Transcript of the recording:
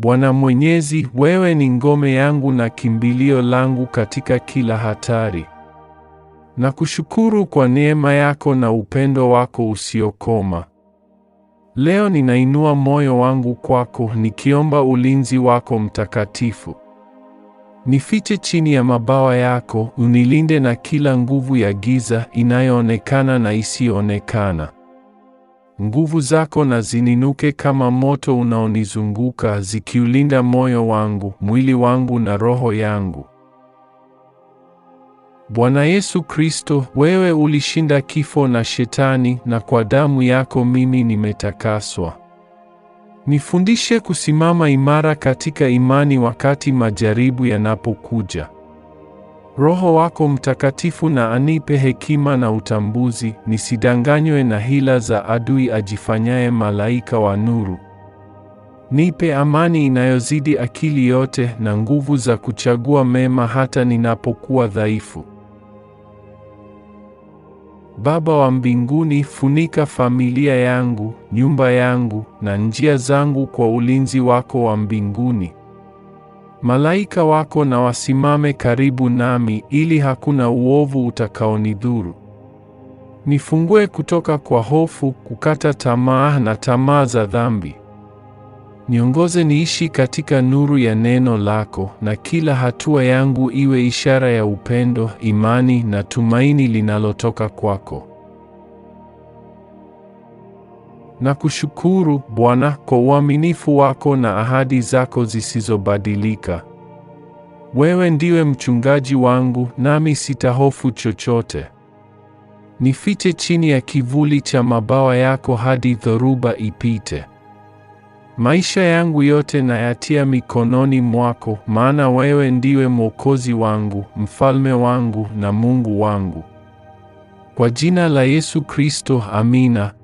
Bwana Mwenyezi, wewe ni ngome yangu na kimbilio langu katika kila hatari. Nakushukuru kwa neema yako na upendo wako usiokoma. Leo ninainua moyo wangu kwako, nikiomba ulinzi wako mtakatifu. Nifiche chini ya mabawa yako, unilinde na kila nguvu ya giza inayoonekana na isiyoonekana. Nguvu zako na zininuke kama moto unaonizunguka, zikiulinda moyo wangu, mwili wangu na roho yangu. Bwana Yesu Kristo, wewe ulishinda kifo na Shetani, na kwa damu yako mimi nimetakaswa. Nifundishe kusimama imara katika imani wakati majaribu yanapokuja. Roho wako Mtakatifu na anipe hekima na utambuzi, nisidanganywe na hila za adui ajifanyaye malaika wa nuru. Nipe amani inayozidi akili yote na nguvu za kuchagua mema hata ninapokuwa dhaifu. Baba wa mbinguni, funika familia yangu, nyumba yangu na njia zangu kwa ulinzi wako wa mbinguni malaika wako na wasimame karibu nami, ili hakuna uovu utakaonidhuru. Nifungue kutoka kwa hofu, kukata tamaa na tamaa za dhambi. Niongoze niishi katika nuru ya neno lako, na kila hatua yangu iwe ishara ya upendo, imani na tumaini linalotoka kwako. Nakushukuru Bwana kwa uaminifu wako na ahadi zako zisizobadilika. Wewe ndiwe mchungaji wangu, nami sitahofu chochote. Nifiche chini ya kivuli cha mabawa yako hadi dhoruba ipite. Maisha yangu yote nayatia mikononi mwako, maana wewe ndiwe mwokozi wangu, mfalme wangu na Mungu wangu. Kwa jina la Yesu Kristo, amina.